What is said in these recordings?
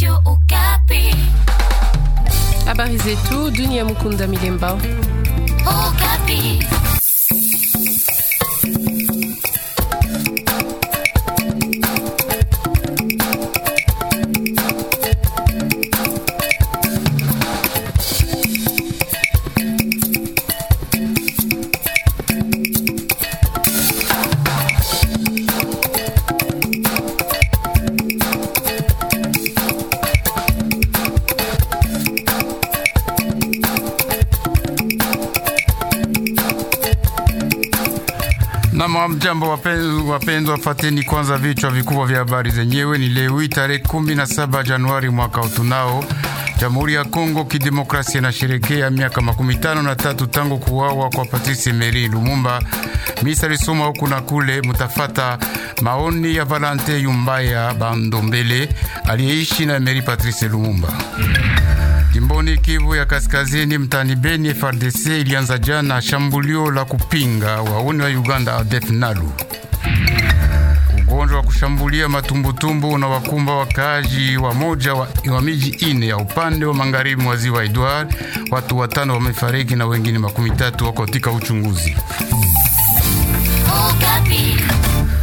Radio Okapi. Habari zetu dunia, mukunda milemba Okapi. Na mjambo wapendwa, fateni kwanza vichwa vikubwa vya habari zenyewe. Ni leo tarehe 17 Januari mwaka utunao, Jamhuri ya Kongo Kidemokrasia inasherekea miaka makumi tano na tatu tangu kuwawa kwa Patrice Emery Lumumba. Misa lisoma huku na kule, mutafata maoni ya Valante Yumbaya Bandombele aliyeishi na Emery Patrice Lumumba. Jimboni Kivu ya Kaskazini, mtani Beni, frdc ilianza jana shambulio la kupinga wauni wa Uganda ADF NALU. Ugonjwa wa kushambulia matumbutumbu na wakumba wakaaji wa moja wa, wa miji ine ya upande wa magharibi mwa ziwa Edward. Watu watano wamefariki na wengine makumi tatu wako katika uchunguzi.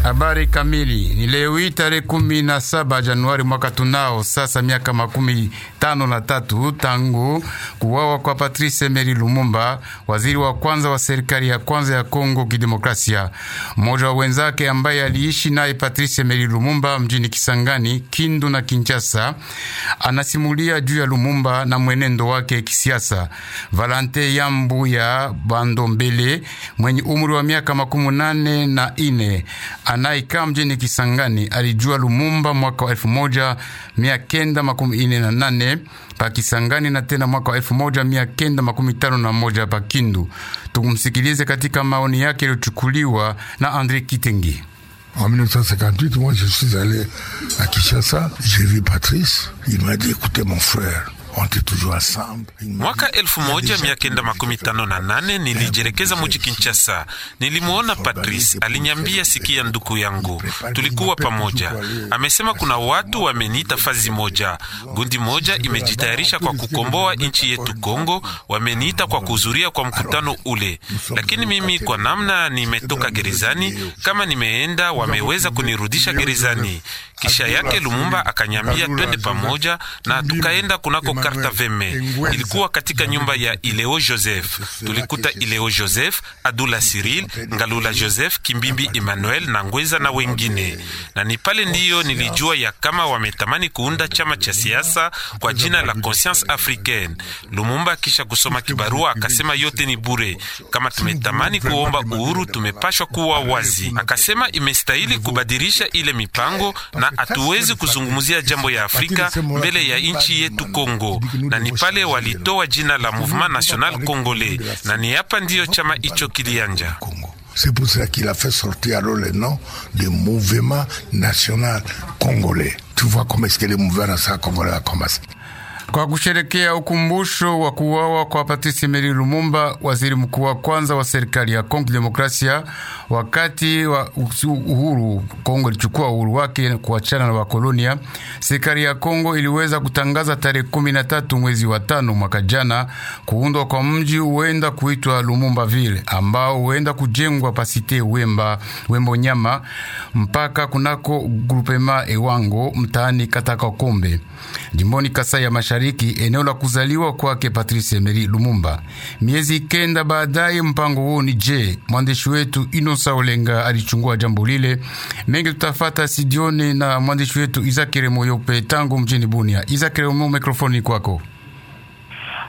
Habari kamili ni leo hii tarehe kumi na saba Januari mwaka tunao sasa miaka makumi tano na tatu tangu kuwawa kwa Patrice Emery Lumumba, waziri wa kwanza wa serikali ya kwanza ya Kongo Kidemokrasia. Mmoja wa wenzake ambaye aliishi naye Patrice Emery Lumumba mjini Kisangani, Kindu na Kinshasa anasimulia juu ya Lumumba na mwenendo wake kisiasa. Valante Yambu ya Bandombele mwenye umri wa miaka makumi nane na ine anayekaa mjini Kisangani alijua Lumumba mwaka wa 1948 pa Kisangani na tena mwaka wa 1951 pa Kindu. Tukumsikilize katika maoni yake yaliyochukuliwa na Andre Kitengi. 1958, moi je suis allé à Kinshasa, j'ai vu Patrice, il m'a dit écoutez mon frère, Mwaka 1958 nilijielekeza muji Kinshasa, nilimwona Patrice, aliniambia sikia, nduku yangu, tulikuwa pamoja. Amesema kuna watu wameniita fazi moja, gundi moja imejitayarisha kwa kukomboa nchi yetu Kongo, wameniita kwa kuhudhuria kwa mkutano ule, lakini mimi kwa namna nimetoka gerezani, kama nimeenda wameweza kunirudisha gerezani. Kisha yake Lumumba akanyambia twende pamoja na tukaenda kunako Karta Veme. Ilikuwa katika nyumba ya Ileo Joseph. Tulikuta Ileo Joseph, Adula Cyril, Ngalula Joseph, Kimbimbi Emmanuel na Ngweza na wengine, na ni pale ndiyo nilijua ya kama wametamani kuunda chama cha siasa kwa jina la Conscience Africaine. Lumumba kisha kusoma kibarua akasema yote ni bure. Kama tumetamani kuomba uhuru, tumepashwa kuwa wazi. Akasema imestahili kubadilisha ile mipango, na hatuwezi kuzungumzia jambo ya Afrika mbele ya nchi yetu Kongo. C'est pour cela qu'il a fait sortir alors le nom de Mouvement National Congolais. Tu vois comment est-ce que le Mouvement National Congolais a commencé. Kwa kusherekea ukumbusho wa kuuawa kwa Patrice Emery Lumumba, waziri mkuu wa kwanza wa serikali ya Kongo Demokrasia wakati wa uhuru, Kongo ilichukua uhuru wake kuachana na wakolonia. Serikali ya Kongo iliweza kutangaza tarehe 13 mwezi wa tano mwaka jana kuundwa kwa mji huenda kuitwa Lumumba Ville ambao huenda kujengwa pasite Wemba Wembo Nyama mpaka kunako grupema Ewango mtaani Katakokombe jimboni Kasai ya Mashariki. Mashariki, eneo la kuzaliwa kwake Patrice Emery Lumumba. Miezi kenda baadaye mpango huo ni je. Mwandishi wetu Inosa Olenga alichungua jambo lile. Mengi tutafata sidioni na mwandishi wetu Izakire Moyope tangu mjini Bunia. Izakire Moyope, mikrofoni kwako.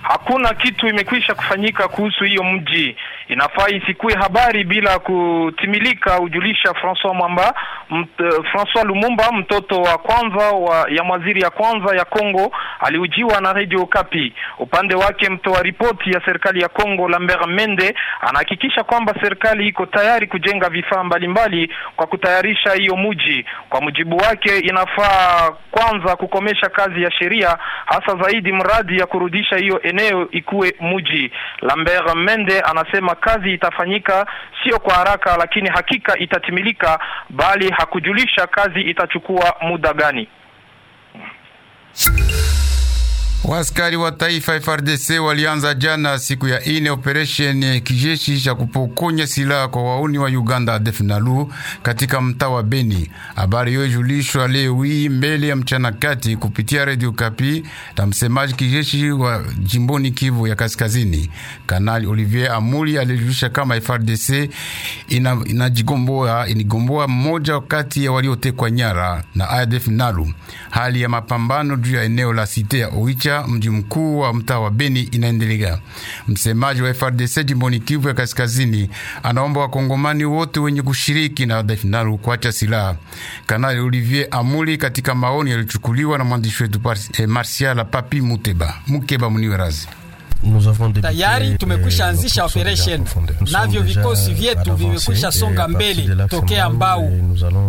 Hakuna kitu imekwisha kufanyika kuhusu hiyo mji. Inafaa isikue habari bila kutimilika, ujulisha Francois Mwamba Mt, François Lumumba mtoto wa kwanza wa, ya mwaziri ya kwanza ya Kongo aliujiwa na Radio Kapi. Upande wake mtoa ripoti ya serikali ya Kongo Lambert Mende anahakikisha kwamba serikali iko tayari kujenga vifaa mbalimbali kwa kutayarisha hiyo muji. Kwa mujibu wake, inafaa kwanza kukomesha kazi ya sheria, hasa zaidi mradi ya kurudisha hiyo eneo ikuwe muji. Lambert Mende anasema kazi itafanyika sio kwa haraka, lakini hakika itatimilika bali hakujulisha kazi itachukua muda gani. Waskari wa taifa frdc walianza jana siku ya ine operesheni kijeshi cha kupokonya silaha kwa wauni wa Uganda defnalu katika mtaa wa Beni. Habari hiyo julishwa leo hii mbele ya mchana kati kupitia Radio Kapi na msemaji kijeshi wa jimboni Kivu ya Kaskazini, Kanali Olivier Amuli alijulisha kama frdc inajigomboa ina inigomboa mmoja kati ya waliotekwa nyara na ADF-NALU. Hali ya mapambano juu ya eneo la site ya Oicha mji mkuu wa mtaa wa Beni inaendelea. Msemaji wa FRDC jimboni Kivu ya Kaskazini anaomba wakongomani wote wenye kushiriki na dafinalu kuacha silaha. Kanali Olivier Amuli katika maoni yalichukuliwa na mwandishi wetu eh, Papi Muteba Mukeba Muniwerazi tayari euh, tumekwisha anzisha operation navyo vikosi vyetu vimekwisha songa mbele tokea Mbau.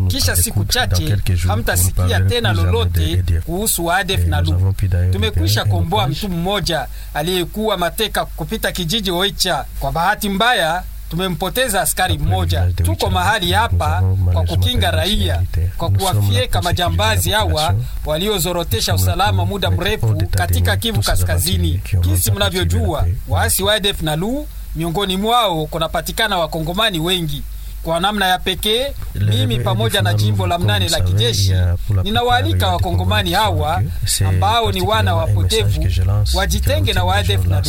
Kisha siku chache hamtasikia tena lolote kuhusu ADF na Nalu. Tumekwisha komboa mtu mmoja aliyekuwa mateka kupita kijiji Oicha. Kwa bahati mbaya tumempoteza askari mmoja. Tuko mahali hapa kwa kukinga raia, kwa kuwafyeka majambazi hawa waliozorotesha usalama muda mrefu katika Kivu Kaskazini. Jinsi mnavyojua, waasi wa ADF na lu miongoni mwao kunapatikana wakongomani wengi kwa namna ya pekee mimi pamoja na jimbo la mnane la kijeshi ninawaalika wakongomani hawa ambao ni wana wapotevu wajitenge na waadefu na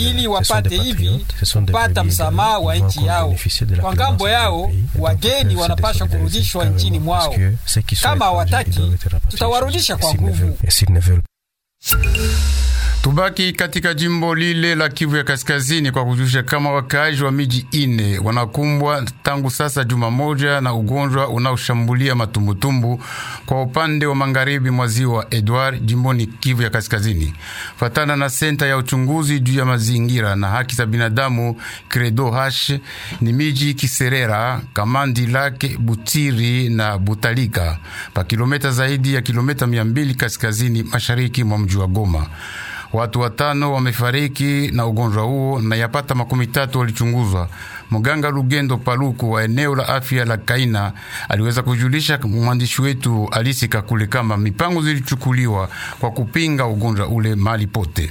ili wapate hivi kupata msamaha wa nchi yao. Kwa ngambo yao, wageni wanapashwa kurudishwa nchini mwao. Kama hawataki, tutawarudisha kwa nguvu. Tunabaki katika jimbo lile la Kivu ya Kaskazini kwa kujulisha kama wakaaji wa miji ine wanakumbwa tangu sasa juma moja na ugonjwa unaoshambulia matumbutumbu kwa upande wa magharibi mwa ziwa Edward jimboni Kivu ya Kaskazini. Fatana na senta ya uchunguzi juu ya mazingira na haki za binadamu Credo Hash, ni miji Kiserera, Kamandi Lake, Butiri na Butalika pa kilomita zaidi ya kilomita 200 kaskazini mashariki mwa mji wa Goma watu watano wamefariki na ugonjwa huo na yapata makumi tatu walichunguzwa. Mganga Lugendo Paluku wa eneo la afya la Kaina aliweza kujulisha mwandishi wetu Alisi Kakule kama mipango zilichukuliwa kwa kupinga ugonjwa ule mali pote.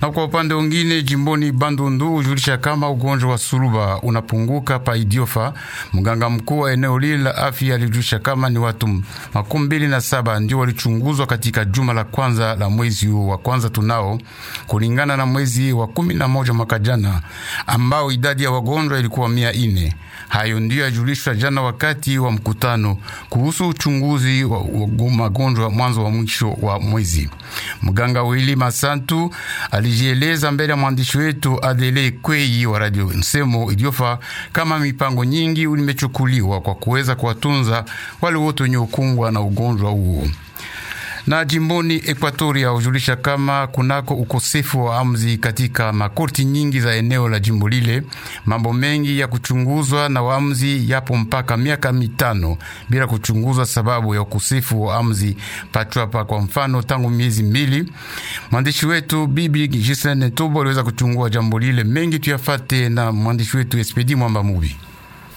Na kwa upande mwingine, jimboni Bandundu ujulisha kama ugonjwa wa suluba unapunguka pa Idiofa. Mganga mkuu wa eneo lile la afya alijulisha kama ni watu makumi mbili na saba ndio walichunguzwa katika juma la kwanza la mwezi huu wa kwanza tunao, kulingana na mwezi wa kumi na moja mwaka jana, ambao idadi ya wagonjwa ilikuwa mia ine. Hayo ndiyo yajulishwa jana wakati wa mkutano kuhusu uchunguzi wa magonjwa mwanzo wa mwisho wa mwezi. Mganga Wili Masantu ali alijieleza mbele ya mwandishi wetu Adele Kwei wa Radio Nsemo Idiofa kama mipango nyingi ulimechukuliwa kwa kuweza kuwatunza wale wote wenye ukumbwa na ugonjwa huo. Na jimboni equatoria hujulisha kama kunako ukosefu wa amzi katika makorti nyingi za eneo la jimbo lile. Mambo mengi ya kuchunguzwa na waamzi yapo mpaka miaka mitano bila kuchunguzwa sababu ya ukosefu wa amzi pachwapa, kwa mfano tangu miezi mbili. Mwandishi wetu Bibi Gisene Tobo aliweza kuchungua jambo lile, mengi tuyafate na mwandishi wetu Espedi Mwamba Mubi.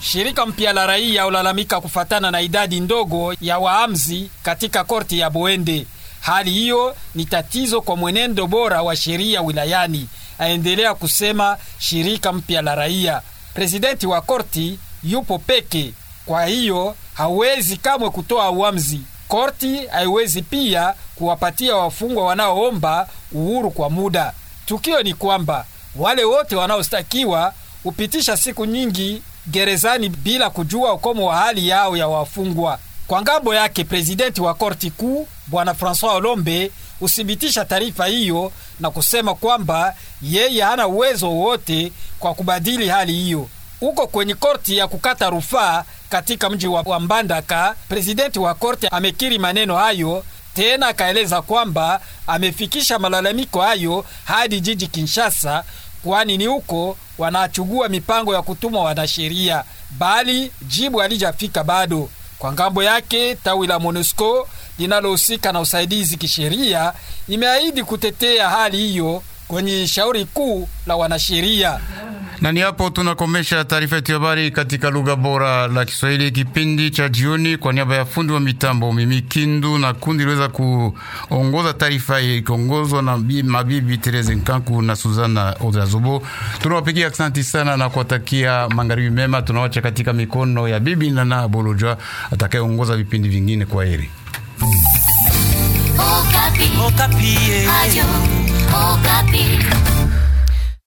Shirika mpya la raia ulalamika kufatana na idadi ndogo ya waamzi katika korti ya Boende. Hali hiyo ni tatizo kwa mwenendo bora wa sheria wilayani, aendelea kusema shirika mpya la raia. Presidenti wa korti yupo peke, kwa hiyo hawezi kamwe kutoa uamzi. Korti haiwezi pia kuwapatia wafungwa wanaoomba uhuru kwa muda. Tukio ni kwamba wale wote wanaostakiwa hupitisha siku nyingi gerezani bila kujua ukomo wa hali yao ya wafungwa. Kwa ngambo yake, prezidenti wa korti kuu bwana Francois Olombe husibitisha taarifa hiyo na kusema kwamba yeye hana uwezo wowote kwa kubadili hali hiyo. Uko kwenye korti ya kukata rufaa katika mji wa Mbandaka, prezidenti wa korti amekiri maneno hayo tena akaeleza kwamba amefikisha malalamiko hayo hadi jiji Kinshasa kwani ni huko wanachugua mipango ya kutumwa wanasheria, bali jibu halijafika bado. Kwa ngambo yake, tawi la MONUSCO linalohusika na usaidizi kisheria imeahidi kutetea hali hiyo kwenye shauri kuu la wanasheria. Na ni hapo tunakomesha taarifa yetu ya habari katika lugha bora la Kiswahili, kipindi cha jioni. Kwa niaba ya fundi wa mitambo, mimi Kindu na kundi liweza kuongoza taarifa hii, ikiongozwa na mabibi Therese Nkanku na Suzana Ozazubo, tunawapigia asante sana na kuwatakia magharibi mema. Tunawacha katika mikono ya bibi Nana Bolojwa atakayeongoza vipindi vingine. Kwa heri. Okapi. Okapi. Eh. Adio. Okapi.